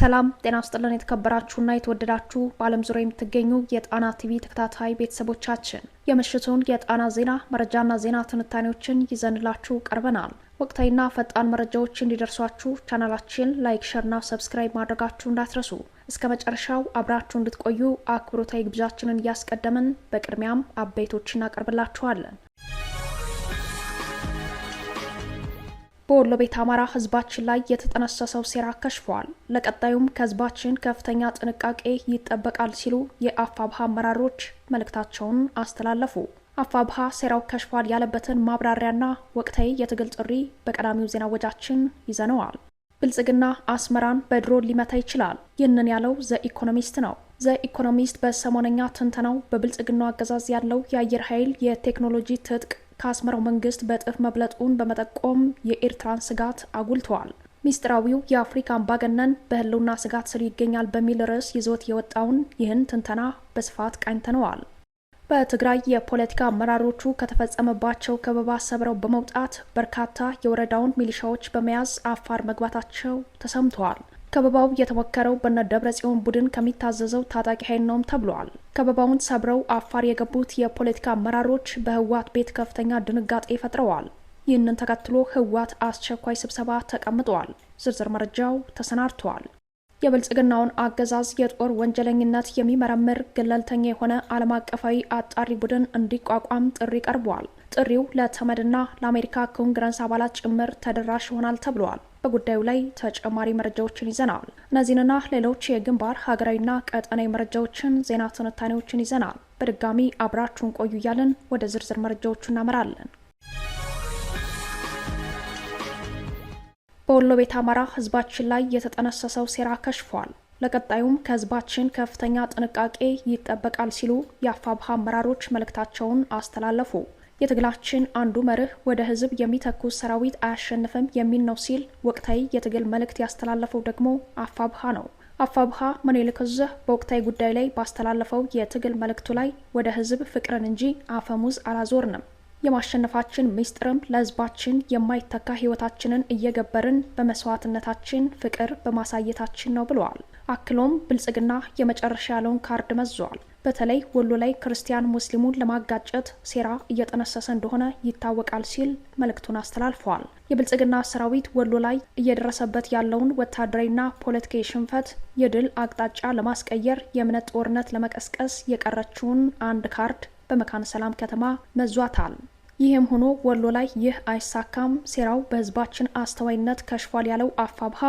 ሰላም ጤና ስጥልን። የተከበራችሁና የተወደዳችሁ በዓለም ዙሪያ የምትገኙ የጣና ቲቪ ተከታታይ ቤተሰቦቻችን የምሽቱን የጣና ዜና መረጃና ዜና ትንታኔዎችን ይዘንላችሁ ቀርበናል። ወቅታዊና ፈጣን መረጃዎች እንዲደርሷችሁ ቻናላችን ላይክ፣ ሸርና ሰብስክራይብ ማድረጋችሁ እንዳትረሱ። እስከ መጨረሻው አብራችሁ እንድትቆዩ አክብሮታዊ ግብዣችንን እያስቀደምን በቅድሚያም አበይቶች እናቀርብላችኋለን። በወሎ ቤት አማራ ህዝባችን ላይ የተጠነሰሰው ሴራ ከሽፏል። ለቀጣዩም ከህዝባችን ከፍተኛ ጥንቃቄ ይጠበቃል ሲሉ የአፋብሃ አመራሮች መልእክታቸውን አስተላለፉ። አፋብሃ ሴራው ከሽፏል ያለበትን ማብራሪያና ወቅታዊ የትግል ጥሪ በቀዳሚው ዜና ወጃችን ይዘነዋል። ብልጽግና አስመራን በድሮን ሊመታ ይችላል። ይህንን ያለው ዘኢኮኖሚስት ነው። ዘኢኮኖሚስት በሰሞነኛ ትንተናው በብልጽግናው አገዛዝ ያለው የአየር ኃይል የቴክኖሎጂ ትጥቅ ከአስመራው መንግስት በእጥፍ መብለጡን በመጠቆም የኤርትራን ስጋት አጉልተዋል። ሚስጥራዊው የአፍሪካ አምባገነን በህልውና ስጋት ስር ይገኛል በሚል ርዕስ ይዞት የወጣውን ይህን ትንተና በስፋት ቃኝተነዋል። በትግራይ የፖለቲካ አመራሮቹ ከተፈጸመባቸው ከበባ ሰብረው በመውጣት በርካታ የወረዳውን ሚሊሻዎች በመያዝ አፋር መግባታቸው ተሰምተዋል። ከበባው የተወከረው በነ ደብረ ጽዮን ቡድን ከሚታዘዘው ታጣቂ ኃይል ነውም ተብሏል። ከበባውን ሰብረው አፋር የገቡት የፖለቲካ አመራሮች በህወሓት ቤት ከፍተኛ ድንጋጤ ፈጥረዋል። ይህንን ተከትሎ ህወሓት አስቸኳይ ስብሰባ ተቀምጠዋል። ዝርዝር መረጃው ተሰናድተዋል። የብልጽግናውን አገዛዝ የጦር ወንጀለኝነት የሚመረምር ገለልተኛ የሆነ ዓለም አቀፋዊ አጣሪ ቡድን እንዲቋቋም ጥሪ ቀርቧል። ጥሪው ለተመድና ለአሜሪካ ኮንግረስ አባላት ጭምር ተደራሽ ይሆናል ተብሏል። በጉዳዩ ላይ ተጨማሪ መረጃዎችን ይዘናል። እነዚህንና ሌሎች የግንባር ሀገራዊና ቀጠናዊ መረጃዎችን፣ ዜና ትንታኔዎችን ይዘናል። በድጋሚ አብራችሁን ቆዩ እያልን ወደ ዝርዝር መረጃዎቹ እናመራለን። በወሎ ቤት አማራ ህዝባችን ላይ የተጠነሰሰው ሴራ ከሽፏል። ለቀጣዩም ከህዝባችን ከፍተኛ ጥንቃቄ ይጠበቃል ሲሉ የአፋብሃ አመራሮች መልእክታቸውን አስተላለፉ። የትግላችን አንዱ መርህ ወደ ህዝብ የሚተኩስ ሰራዊት አያሸንፍም የሚል ነው ሲል ወቅታዊ የትግል መልእክት ያስተላለፈው ደግሞ አፋብሃ ነው። አፋብሃ ምኒልክ ዕዝ በወቅታዊ ጉዳይ ላይ ባስተላለፈው የትግል መልእክቱ ላይ ወደ ህዝብ ፍቅርን እንጂ አፈሙዝ አላዞርንም፣ የማሸነፋችን ምስጢርም ለህዝባችን የማይተካ ህይወታችንን እየገበርን በመስዋዕትነታችን ፍቅር በማሳየታችን ነው ብለዋል። አክሎም ብልጽግና የመጨረሻ ያለውን ካርድ መዟል። በተለይ ወሎ ላይ ክርስቲያን ሙስሊሙን ለማጋጨት ሴራ እየጠነሰሰ እንደሆነ ይታወቃል ሲል መልእክቱን አስተላልፈዋል። የብልጽግና ሰራዊት ወሎ ላይ እየደረሰበት ያለውን ወታደራዊና ፖለቲካዊ ሽንፈት የድል አቅጣጫ ለማስቀየር የእምነት ጦርነት ለመቀስቀስ የቀረችውን አንድ ካርድ በመካነ ሰላም ከተማ መዟታል። ይህም ሆኖ ወሎ ላይ ይህ አይሳካም፣ ሴራው በህዝባችን አስተዋይነት ከሽፏል ያለው አፋብሃ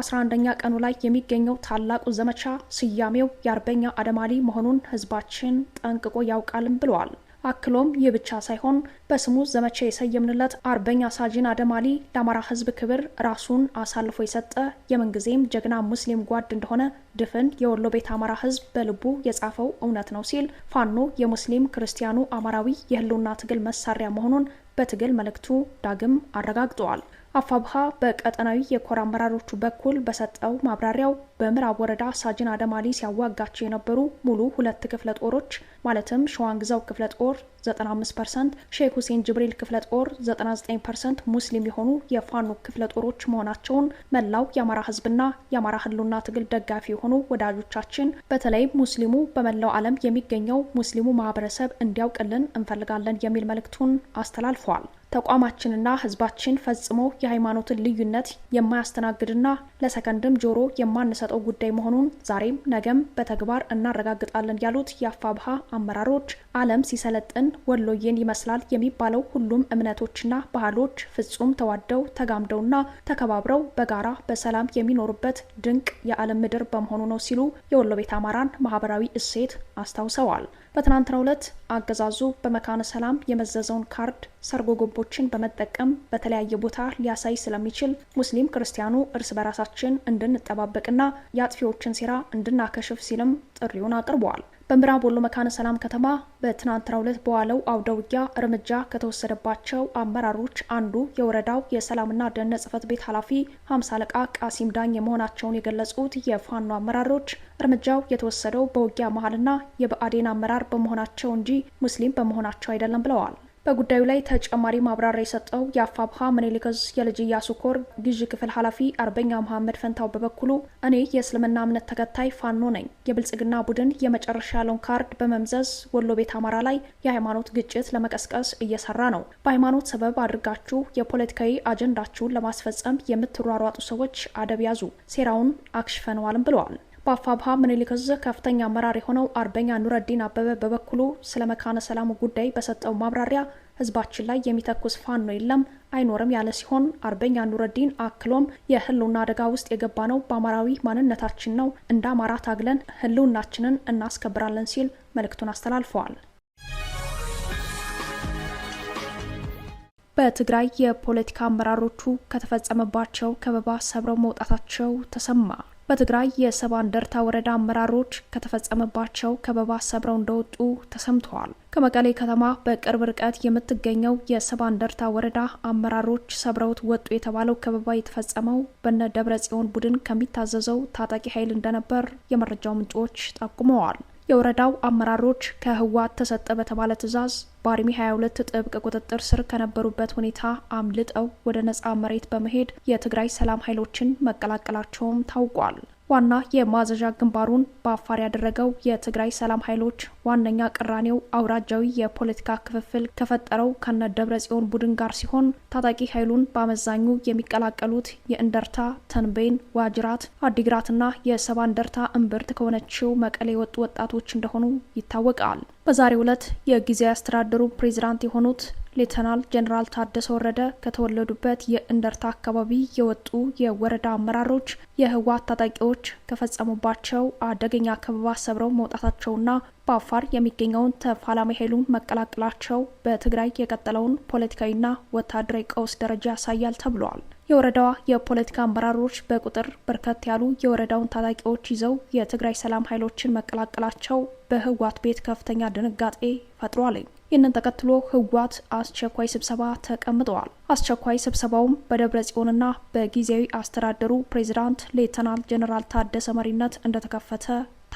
11ኛ ቀኑ ላይ የሚገኘው ታላቁ ዘመቻ ስያሜው የአርበኛ አደማሊ መሆኑን ህዝባችን ጠንቅቆ ያውቃልም ብለዋል። አክሎም ይህ ብቻ ሳይሆን በስሙ ዘመቻ የሰየምንለት አርበኛ ሳጅን አደማሊ ለአማራ ህዝብ ክብር ራሱን አሳልፎ የሰጠ የምንጊዜም ጀግና ሙስሊም ጓድ እንደሆነ ድፍን የወሎ ቤት አማራ ህዝብ በልቡ የጻፈው እውነት ነው ሲል ፋኖ የሙስሊም ክርስቲያኑ አማራዊ የህልውና ትግል መሳሪያ መሆኑን በትግል መልእክቱ ዳግም አረጋግጠዋል። አፋብሃ በቀጠናዊ የኮር አመራሮቹ በኩል በሰጠው ማብራሪያው በምዕራብ ወረዳ ሳጅን አደማሊ ሲያዋጋቸው የነበሩ ሙሉ ሁለት ክፍለ ጦሮች ማለትም ሸዋንግዛው ክፍለ ጦር 95 ፐርሰንት፣ ሼክ ሁሴን ጅብሪል ክፍለ ጦር 99 ፐርሰንት ሙስሊም የሆኑ የፋኖ ክፍለ ጦሮች መሆናቸውን መላው የአማራ ህዝብና የአማራ ህልና ትግል ደጋፊ የሆኑ ወዳጆቻችን በተለይ ሙስሊሙ በመላው ዓለም የሚገኘው ሙስሊሙ ማህበረሰብ እንዲያውቅልን እንፈልጋለን የሚል መልእክቱን አስተላልፏል። ተቋማችንና ህዝባችን ፈጽሞ የሃይማኖትን ልዩነት የማያስተናግድና ለሰከንድም ጆሮ የማንሰጠው ጉዳይ መሆኑን ዛሬም ነገም በተግባር እናረጋግጣለን ያሉት የአፋብሃ አመራሮች ዓለም ሲሰለጥን ወሎዬን ይመስላል የሚባለው ሁሉም እምነቶችና ባህሎች ፍጹም ተዋደው ተጋምደውና ተከባብረው በጋራ በሰላም የሚኖሩበት ድንቅ የዓለም ምድር በመሆኑ ነው ሲሉ የወሎ ቤት አማራን ማህበራዊ እሴት አስታውሰዋል። በትናንትናው ዕለት አገዛዙ በመካነ ሰላም የመዘዘውን ካርድ ሰርጎ ገቦችን በመጠቀም በተለያየ ቦታ ሊያሳይ ስለሚችል ሙስሊም ክርስቲያኑ እርስ በራሳችን እንድንጠባበቅና የአጥፊዎችን ሴራ እንድናከሽፍ ሲልም ጥሪውን አቅርበዋል። በምዕራብ ወሎ መካነ ሰላም ከተማ በትናንትናው ዕለት በዋለው አውደ ውጊያ እርምጃ ከተወሰደባቸው አመራሮች አንዱ የወረዳው የሰላምና ደህንነት ጽሕፈት ቤት ኃላፊ ሀምሳ አለቃ ቃሲም ዳኝ መሆናቸውን የገለጹት የፋኖ አመራሮች እርምጃው የተወሰደው በውጊያ መሀልና የብአዴን አመራር በመሆናቸው እንጂ ሙስሊም በመሆናቸው አይደለም ብለዋል። በጉዳዩ ላይ ተጨማሪ ማብራሪያ የሰጠው የአፋብሃ ምኒልክዝ የልጅ እያሱ ኮር ግዢ ክፍል ኃላፊ አርበኛ መሐመድ ፈንታው በበኩሉ እኔ የእስልምና እምነት ተከታይ ፋኖ ነኝ። የብልጽግና ቡድን የመጨረሻ ያለውን ካርድ በመምዘዝ ወሎ ቤት አማራ ላይ የሃይማኖት ግጭት ለመቀስቀስ እየሰራ ነው። በሃይማኖት ሰበብ አድርጋችሁ የፖለቲካዊ አጀንዳችሁን ለማስፈጸም የምትሯሯጡ ሰዎች አደብ ያዙ፣ ሴራውን አክሽፈነዋልም ብለዋል። በአፋብሃ ምኒልክ ዕዝ ከፍተኛ አመራር የሆነው አርበኛ ኑረዲን አበበ በበኩሉ ስለ መካነ ሰላሙ ጉዳይ በሰጠው ማብራሪያ ህዝባችን ላይ የሚተኩስ ፋኖ የለም አይኖርም ያለ ሲሆን አርበኛ ኑረዲን አክሎም የህልውና አደጋ ውስጥ የገባ ነው በአማራዊ ማንነታችን ነው፣ እንደ አማራ ታግለን ህልውናችንን እናስከብራለን ሲል መልእክቱን አስተላልፈዋል። በትግራይ የፖለቲካ አመራሮቹ ከተፈጸመባቸው ከበባ ሰብረው መውጣታቸው ተሰማ። በትግራይ የሰባ እንደርታ ወረዳ አመራሮች ከተፈጸመባቸው ከበባ ሰብረው እንደወጡ ተሰምተዋል። ከመቀሌ ከተማ በቅርብ ርቀት የምትገኘው የሰባ እንደርታ ወረዳ አመራሮች ሰብረውት ወጡ የተባለው ከበባ የተፈጸመው በነ ደብረ ጽዮን ቡድን ከሚታዘዘው ታጣቂ ኃይል እንደነበር የመረጃው ምንጮች ጠቁመዋል። የወረዳው አመራሮች ከህወሓት ተሰጠ በተባለ ትዕዛዝ በአርሚ 22 ጥብቅ ቁጥጥር ስር ከነበሩበት ሁኔታ አምልጠው ወደ ነጻ መሬት በመሄድ የትግራይ ሰላም ኃይሎችን መቀላቀላቸውም ታውቋል። ዋና የማዘዣ ግንባሩን በአፋር ያደረገው የትግራይ ሰላም ኃይሎች ዋነኛ ቅራኔው አውራጃዊ የፖለቲካ ክፍፍል ከፈጠረው ከነ ደብረ ጽዮን ቡድን ጋር ሲሆን ታጣቂ ኃይሉን በአመዛኙ የሚቀላቀሉት የእንደርታ፣ ተንቤን፣ ዋጅራት፣ አዲግራትና የሰባ እንደርታ እምብርት ከሆነችው መቀሌ የወጡ ወጣቶች እንደሆኑ ይታወቃል። በዛሬው ዕለት የጊዜያዊ አስተዳደሩ ፕሬዚዳንት የሆኑት ሌተናል ጀኔራል ታደሰ ወረደ ከተወለዱበት የእንደርታ አካባቢ የወጡ የወረዳ አመራሮች የህወሓት ታጣቂዎች ከፈጸሙባቸው አደገኛ ከበባ ሰብረው መውጣታቸውና በአፋር የሚገኘውን ተፋላሚ ኃይሉን መቀላቀላቸው በትግራይ የቀጠለውን ፖለቲካዊና ወታደራዊ ቀውስ ደረጃ ያሳያል ተብለዋል። የወረዳዋ የፖለቲካ አመራሮች በቁጥር በርከት ያሉ የወረዳውን ታጣቂዎች ይዘው የትግራይ ሰላም ኃይሎችን መቀላቀላቸው በህወሓት ቤት ከፍተኛ ድንጋጤ ፈጥሯል። ይህንን ተከትሎ ህወሓት አስቸኳይ ስብሰባ ተቀምጠዋል። አስቸኳይ ስብሰባውም በደብረ ጽዮንና በጊዜያዊ አስተዳደሩ ፕሬዚዳንት ሌተናል ጀኔራል ታደሰ መሪነት እንደተከፈተ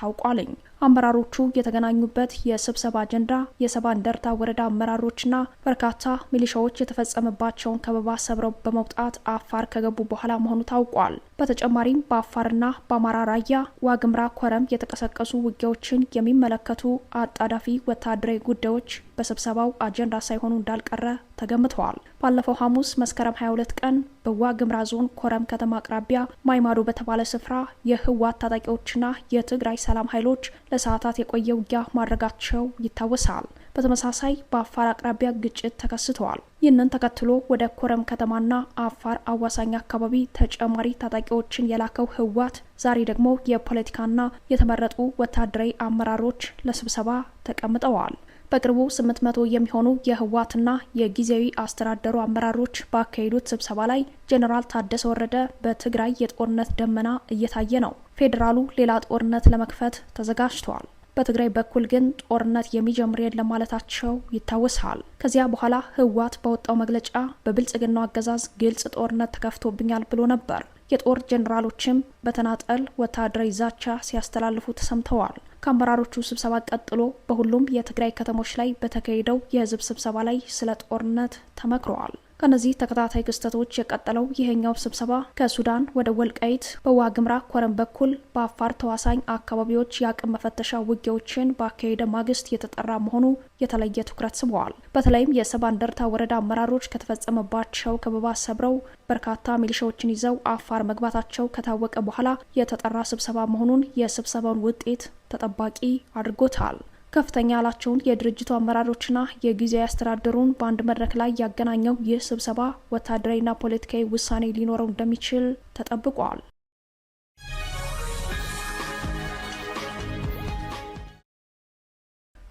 ታውቋለኝ። አመራሮቹ የተገናኙበት የስብሰባ አጀንዳ የሰባ እንደርታ ወረዳ አመራሮችና በርካታ ሚሊሻዎች የተፈጸመባቸውን ከበባ ሰብረው በመውጣት አፋር ከገቡ በኋላ መሆኑ ታውቋል። በተጨማሪም በአፋርና በአማራ ራያ ዋግምራ ኮረም የተቀሰቀሱ ውጊያዎችን የሚመለከቱ አጣዳፊ ወታደራዊ ጉዳዮች በስብሰባው አጀንዳ ሳይሆኑ እንዳልቀረ ተገምተዋል። ባለፈው ሐሙስ መስከረም 22 ቀን በዋግምራ ዞን ኮረም ከተማ አቅራቢያ ማይማዶ በተባለ ስፍራ የህወሓት ታጣቂዎችና የትግራይ ሰላም ኃይሎች ለሰዓታት የቆየ ውጊያ ማድረጋቸው ይታወሳል። በተመሳሳይ በአፋር አቅራቢያ ግጭት ተከስተዋል። ይህንን ተከትሎ ወደ ኮረም ከተማና አፋር አዋሳኝ አካባቢ ተጨማሪ ታጣቂዎችን የላከው ህወሓት ዛሬ ደግሞ የፖለቲካና የተመረጡ ወታደራዊ አመራሮች ለስብሰባ ተቀምጠዋል። በቅርቡ 800 የሚሆኑ የህወሓትና የጊዜያዊ አስተዳደሩ አመራሮች ባካሄዱት ስብሰባ ላይ ጄኔራል ታደሰ ወረደ በትግራይ የጦርነት ደመና እየታየ ነው፣ ፌዴራሉ ሌላ ጦርነት ለመክፈት ተዘጋጅተዋል በትግራይ በኩል ግን ጦርነት የሚጀምር የለም ማለታቸው ይታወሳል። ከዚያ በኋላ ህወሓት በወጣው መግለጫ በብልጽግናው አገዛዝ ግልጽ ጦርነት ተከፍቶብኛል ብሎ ነበር። የጦር ጀኔራሎችም በተናጠል ወታደራዊ ዛቻ ሲያስተላልፉ ተሰምተዋል። ከአመራሮቹ ስብሰባ ቀጥሎ በሁሉም የትግራይ ከተሞች ላይ በተካሄደው የህዝብ ስብሰባ ላይ ስለ ጦርነት ተመክረዋል። ከእነዚህ ተከታታይ ክስተቶች የቀጠለው ይሄኛው ስብሰባ ከሱዳን ወደ ወልቃይት በዋግምራ ኮረም በኩል በአፋር ተዋሳኝ አካባቢዎች የአቅም መፈተሻ ውጊያዎችን ባካሄደ ማግስት የተጠራ መሆኑ የተለየ ትኩረት ስበዋል። በተለይም የሰባ እንደርታ ወረዳ አመራሮች ከተፈጸመባቸው ከበባ ሰብረው በርካታ ሚሊሻዎችን ይዘው አፋር መግባታቸው ከታወቀ በኋላ የተጠራ ስብሰባ መሆኑን የስብሰባውን ውጤት ተጠባቂ አድርጎታል። ከፍተኛ ያላቸውን የድርጅቱ አመራሮችና የጊዜያዊ አስተዳደሩን በአንድ መድረክ ላይ ያገናኘው ይህ ስብሰባ ወታደራዊና ፖለቲካዊ ውሳኔ ሊኖረው እንደሚችል ተጠብቋል።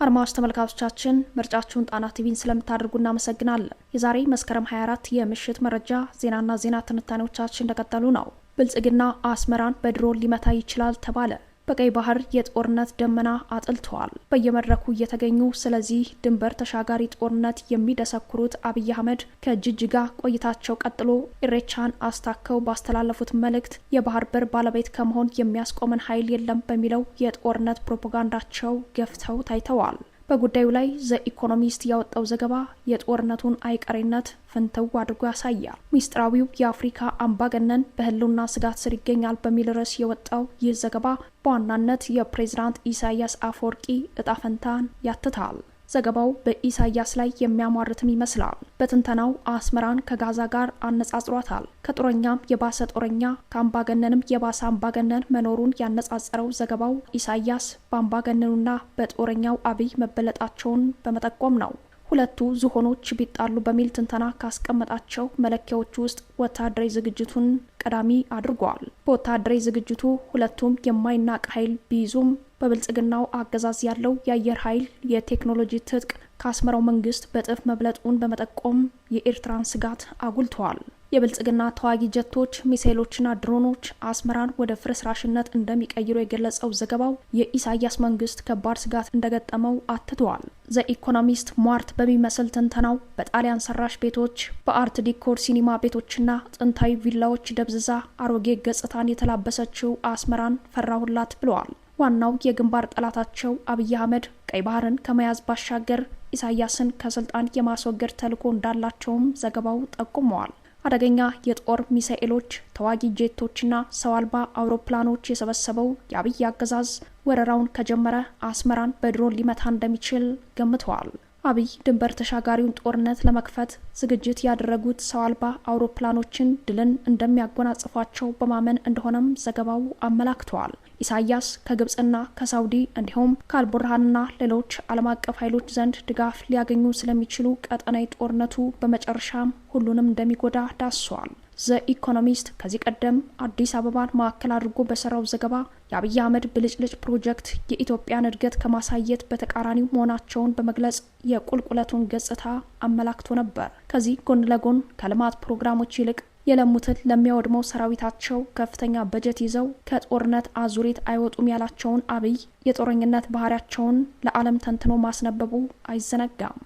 አርማዎች ተመልካቾቻችን ምርጫችሁን ጣና ቲቪን ስለምታደርጉ እናመሰግናለን። የዛሬ መስከረም 24 የምሽት መረጃ ዜናና ዜና ትንታኔዎቻችን እንደቀጠሉ ነው። ብልጽግና አስመራን በድሮን ሊመታ ይችላል ተባለ። በቀይ ባህር የጦርነት ደመና አጥልተዋል በየመድረኩ እየተገኙ ስለዚህ ድንበር ተሻጋሪ ጦርነት የሚደሰኩሩት አብይ አህመድ ከጅጅጋ ቆይታቸው ቀጥሎ ኢሬቻን አስታከው ባስተላለፉት መልእክት የባህር በር ባለቤት ከመሆን የሚያስቆመን ኃይል የለም በሚለው የጦርነት ፕሮፓጋንዳቸው ገፍተው ታይተዋል። በጉዳዩ ላይ ዘ ኢኮኖሚስት ያወጣው ዘገባ የጦርነቱን አይቀሬነት ፍንትው አድርጎ ያሳያል። ሚስጥራዊው የአፍሪካ አምባገነን በህልውና ስጋት ስር ይገኛል በሚል ርዕስ የወጣው ይህ ዘገባ በዋናነት የፕሬዝዳንት ኢሳያስ አፈወርቂ እጣ ፈንታን ያትታል። ዘገባው በኢሳያስ ላይ የሚያሟርትም ይመስላል። በትንተናው አስመራን ከጋዛ ጋር አነጻጽሯታል። ከጦረኛም የባሰ ጦረኛ ከአምባገነንም የባሰ አምባገነን መኖሩን ያነጻጸረው ዘገባው ኢሳያስ በአምባገነኑና በጦረኛው አብይ መበለጣቸውን በመጠቆም ነው። ሁለቱ ዝሆኖች ቢጣሉ በሚል ትንተና ካስቀመጣቸው መለኪያዎች ውስጥ ወታደራዊ ዝግጅቱን ቀዳሚ አድርጓል። በወታደራዊ ዝግጅቱ ሁለቱም የማይናቅ ኃይል ቢይዙም በብልጽግናው አገዛዝ ያለው የአየር ኃይል የቴክኖሎጂ ትጥቅ ከአስመራው መንግስት በጥፍ መብለጡን በመጠቆም የኤርትራን ስጋት አጉልተዋል። የብልጽግና ተዋጊ ጀቶች፣ ሚሳይሎችና ድሮኖች አስመራን ወደ ፍርስራሽነት እንደሚቀይሩ የገለጸው ዘገባው የኢሳያስ መንግስት ከባድ ስጋት እንደገጠመው አትተዋል። ዘኢኮኖሚስት ሟርት በሚመስል ትንተናው በጣሊያን ሰራሽ ቤቶች፣ በአርት ዲኮር ሲኒማ ቤቶችና ጥንታዊ ቪላዎች ደብዝዛ አሮጌ ገጽታን የተላበሰችው አስመራን ፈራሁላት ብለዋል። ዋናው የግንባር ጠላታቸው አብይ አህመድ ቀይ ባህርን ከመያዝ ባሻገር ኢሳያስን ከስልጣን የማስወገድ ተልዕኮ እንዳላቸውም ዘገባው ጠቁመዋል። አደገኛ የጦር ሚሳኤሎች፣ ተዋጊ ጄቶችና ሰው አልባ አውሮፕላኖች የሰበሰበው የአብይ አገዛዝ ወረራውን ከጀመረ አስመራን በድሮን ሊመታ እንደሚችል ገምተዋል። አብይ ድንበር ተሻጋሪውን ጦርነት ለመክፈት ዝግጅት ያደረጉት ሰው አልባ አውሮፕላኖችን ድልን እንደሚያጎናጽፏቸው በማመን እንደሆነም ዘገባው አመላክተዋል። ኢሳያስ ከግብፅና ከሳውዲ እንዲሁም ከአልቡርሃንና ሌሎች ዓለም አቀፍ ኃይሎች ዘንድ ድጋፍ ሊያገኙ ስለሚችሉ ቀጠናዊ ጦርነቱ በመጨረሻም ሁሉንም እንደሚጎዳ ዳስሰዋል። ዘኢኮኖሚስት ከዚህ ቀደም አዲስ አበባን ማዕከል አድርጎ በሰራው ዘገባ የአብይ አህመድ ብልጭልጭ ፕሮጀክት የኢትዮጵያን እድገት ከማሳየት በተቃራኒው መሆናቸውን በመግለጽ የቁልቁለቱን ገጽታ አመላክቶ ነበር። ከዚህ ጎን ለጎን ከልማት ፕሮግራሞች ይልቅ የለሙትን ለሚያወድመው ሰራዊታቸው ከፍተኛ በጀት ይዘው ከጦርነት አዙሪት አይወጡም ያላቸውን አብይ የጦረኝነት ባህሪያቸውን ለዓለም ተንትኖ ማስነበቡ አይዘነጋም።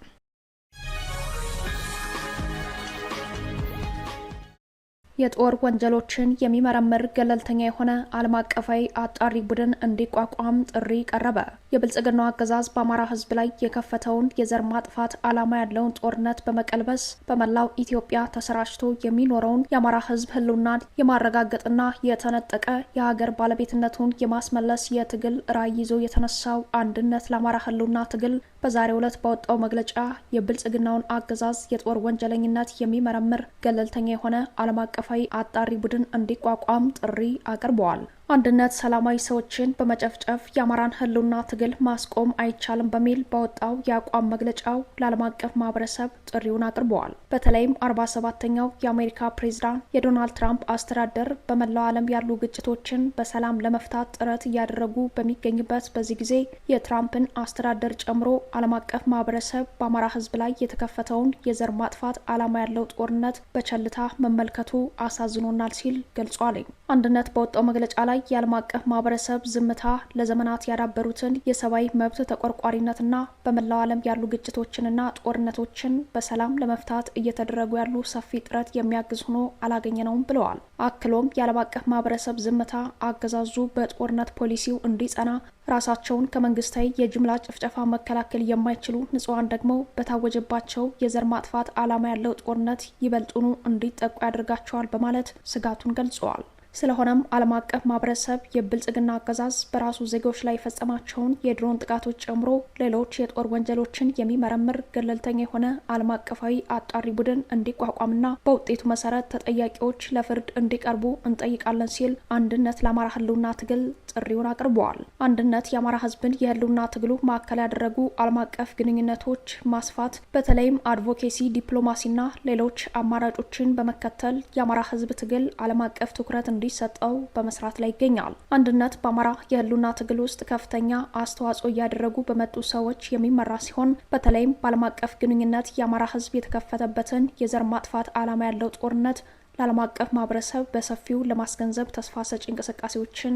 የጦር ወንጀሎችን የሚመረምር ገለልተኛ የሆነ ዓለም አቀፋዊ አጣሪ ቡድን እንዲቋቋም ጥሪ ቀረበ። የብልጽግናው አገዛዝ በአማራ ሕዝብ ላይ የከፈተውን የዘር ማጥፋት ዓላማ ያለውን ጦርነት በመቀልበስ በመላው ኢትዮጵያ ተሰራጭቶ የሚኖረውን የአማራ ሕዝብ ሕልውናን የማረጋገጥና የተነጠቀ የሀገር ባለቤትነቱን የማስመለስ የትግል ራዕይ ይዞ የተነሳው አንድነት ለአማራ ሕልውና ትግል በዛሬው ዕለት ባወጣው መግለጫ የብልጽግናውን አገዛዝ የጦር ወንጀለኝነት የሚመረምር ገለልተኛ የሆነ ዓለም አቀፋዊ አጣሪ ቡድን እንዲቋቋም ጥሪ አቅርበዋል። አንድነት ሰላማዊ ሰዎችን በመጨፍጨፍ የአማራን ህልውና ትግል ማስቆም አይቻልም በሚል በወጣው የአቋም መግለጫው ለዓለም አቀፍ ማህበረሰብ ጥሪውን አቅርበዋል። በተለይም አርባ ሰባተኛው የአሜሪካ ፕሬዝዳንት የዶናልድ ትራምፕ አስተዳደር በመላው ዓለም ያሉ ግጭቶችን በሰላም ለመፍታት ጥረት እያደረጉ በሚገኝበት በዚህ ጊዜ የትራምፕን አስተዳደር ጨምሮ ዓለም አቀፍ ማህበረሰብ በአማራ ህዝብ ላይ የተከፈተውን የዘር ማጥፋት ዓላማ ያለው ጦርነት በቸልታ መመልከቱ አሳዝኖናል ሲል ገልጿል። አንድነት በወጣው መግለጫ ላይ ላይ የዓለም አቀፍ ማህበረሰብ ዝምታ ለዘመናት ያዳበሩትን የሰብአዊ መብት ተቆርቋሪነትና በመላው ዓለም ያሉ ግጭቶችንና ጦርነቶችን በሰላም ለመፍታት እየተደረጉ ያሉ ሰፊ ጥረት የሚያግዝ ሆኖ አላገኘነውም ብለዋል። አክሎም የዓለም አቀፍ ማህበረሰብ ዝምታ አገዛዙ በጦርነት ፖሊሲው እንዲጸና ራሳቸውን ከመንግስታዊ የጅምላ ጭፍጨፋ መከላከል የማይችሉ ንጹሐን ደግሞ በታወጀባቸው የዘር ማጥፋት ዓላማ ያለው ጦርነት ይበልጡኑ እንዲጠቁ ያደርጋቸዋል በማለት ስጋቱን ገልጸዋል። ስለሆነም ዓለም አቀፍ ማህበረሰብ የብልጽግና አገዛዝ በራሱ ዜጎች ላይ የፈጸማቸውን የድሮን ጥቃቶች ጨምሮ ሌሎች የጦር ወንጀሎችን የሚመረምር ገለልተኛ የሆነ ዓለም አቀፋዊ አጣሪ ቡድን እንዲቋቋምና በውጤቱ መሰረት ተጠያቂዎች ለፍርድ እንዲቀርቡ እንጠይቃለን ሲል አንድነት ለአማራ ህልውና ትግል ጥሪውን አቅርበዋል። አንድነት የአማራ ህዝብን የህልውና ትግሉ ማዕከል ያደረጉ ዓለም አቀፍ ግንኙነቶች ማስፋት በተለይም አድቮኬሲ፣ ዲፕሎማሲና ሌሎች አማራጮችን በመከተል የአማራ ህዝብ ትግል ዓለም አቀፍ ትኩረት እንዲ እንዲሰጠው በመስራት ላይ ይገኛል። አንድነት በአማራ የህልውና ትግል ውስጥ ከፍተኛ አስተዋጽኦ እያደረጉ በመጡ ሰዎች የሚመራ ሲሆን በተለይም በዓለም አቀፍ ግንኙነት የአማራ ህዝብ የተከፈተበትን የዘር ማጥፋት ዓላማ ያለው ጦርነት ለዓለም አቀፍ ማህበረሰብ በሰፊው ለማስገንዘብ ተስፋ ሰጪ እንቅስቃሴዎችን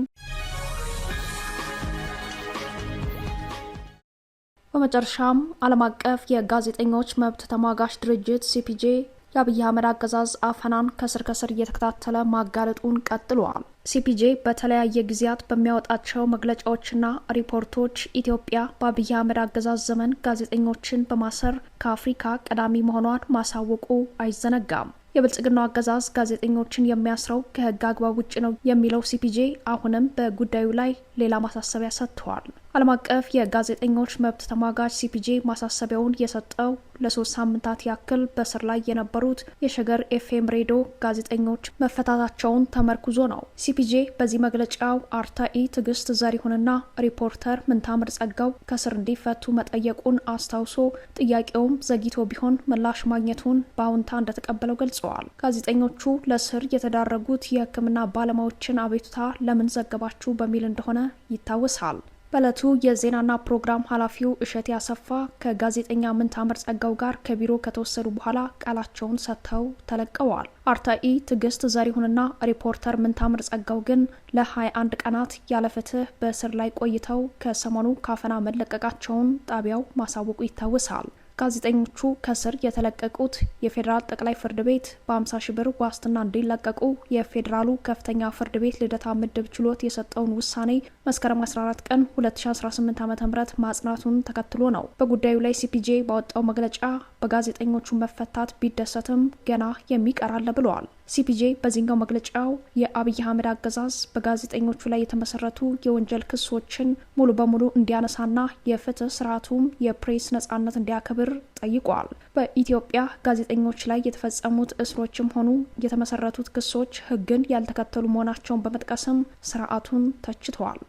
በመጨረሻም ዓለም አቀፍ የጋዜጠኞች መብት ተሟጋች ድርጅት ሲፒጄ የአብይ አህመድ አገዛዝ አፈናን ከስር ከስር እየተከታተለ ማጋለጡን ቀጥሏል። ሲፒጄ በተለያየ ጊዜያት በሚያወጣቸው መግለጫዎችና ሪፖርቶች ኢትዮጵያ በአብይ አህመድ አገዛዝ ዘመን ጋዜጠኞችን በማሰር ከአፍሪካ ቀዳሚ መሆኗን ማሳወቁ አይዘነጋም። የብልጽግናው አገዛዝ ጋዜጠኞችን የሚያስረው ከህግ አግባብ ውጭ ነው የሚለው ሲፒጄ አሁንም በጉዳዩ ላይ ሌላ ማሳሰቢያ ሰጥቷል። ዓለም አቀፍ የጋዜጠኞች መብት ተሟጋች ሲፒጄ ማሳሰቢያውን የሰጠው ለሶስት ሳምንታት ያክል በስር ላይ የነበሩት የሸገር ኤፍኤም ሬዲዮ ጋዜጠኞች መፈታታቸውን ተመርኩዞ ነው። ሲፒጄ በዚህ መግለጫው አርታኢ ትዕግስት ዘሪሁንና ሪፖርተር ምንታምር ጸጋው ከስር እንዲፈቱ መጠየቁን አስታውሶ ጥያቄውም ዘግይቶ ቢሆን ምላሽ ማግኘቱን በአሁንታ እንደተቀበለው ገልጸዋል። ጋዜጠኞቹ ለስር የተዳረጉት የሕክምና ባለሙያዎችን አቤቱታ ለምን ዘገባችሁ በሚል እንደሆነ ይታወሳል። በለቱ የዜናና ፕሮግራም ኃላፊው እሸቴ አሰፋ ከጋዜጠኛ ምንታምር ጸጋው ጋር ከቢሮ ከተወሰዱ በኋላ ቃላቸውን ሰጥተው ተለቀዋል። አርታኢ ትዕግስት ዘሪሁንና ሪፖርተር ምንታምር ጸጋው ግን ለ21 ቀናት ያለፍትህ በእስር ላይ ቆይተው ከሰሞኑ ካፈና መለቀቃቸውን ጣቢያው ማሳወቁ ይታወሳል። ጋዜጠኞቹ ከስር የተለቀቁት የፌዴራል ጠቅላይ ፍርድ ቤት በ50 ሺ ብር ዋስትና እንዲለቀቁ የፌዴራሉ ከፍተኛ ፍርድ ቤት ልደታ ምድብ ችሎት የሰጠውን ውሳኔ መስከረም 14 ቀን 2018 ዓ ም ማጽናቱን ተከትሎ ነው። በጉዳዩ ላይ ሲፒጄ ባወጣው መግለጫ በጋዜጠኞቹ መፈታት ቢደሰትም ገና የሚቀራለ ብለዋል። ሲፒጄ በዚህኛው መግለጫው የአብይ አህመድ አገዛዝ በጋዜጠኞቹ ላይ የተመሰረቱ የወንጀል ክሶችን ሙሉ በሙሉ እንዲያነሳና የፍትህ ስርዓቱም የፕሬስ ነጻነት እንዲያከብር ብር ጠይቋል። በኢትዮጵያ ጋዜጠኞች ላይ የተፈጸሙት እስሮችም ሆኑ የተመሰረቱት ክሶች ሕግን ያልተከተሉ መሆናቸውን በመጥቀስም ስርዓቱን ተችተዋል።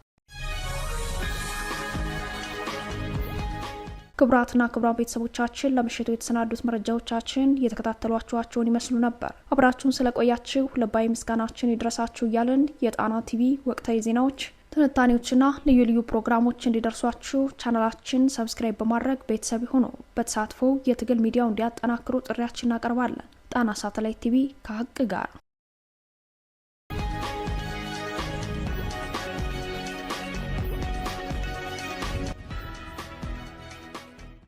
ክቡራትና ክቡራን ቤተሰቦቻችን ለምሽቱ የተሰናዱት መረጃዎቻችን እየተከታተሏችኋቸውን ይመስሉ ነበር። አብራችሁን ስለቆያችሁ ልባዊ ምስጋናችን ይድረሳችሁ እያልን የጣና ቲቪ ወቅታዊ ዜናዎች ትንታኔዎችና ልዩ ልዩ ፕሮግራሞች እንዲደርሷችሁ ቻናላችን ሰብስክራይብ በማድረግ ቤተሰብ ሆኖ በተሳትፎ የትግል ሚዲያው እንዲያጠናክሩ ጥሪያችን እናቀርባለን። ጣና ሳተላይት ቲቪ ከሀቅ ጋር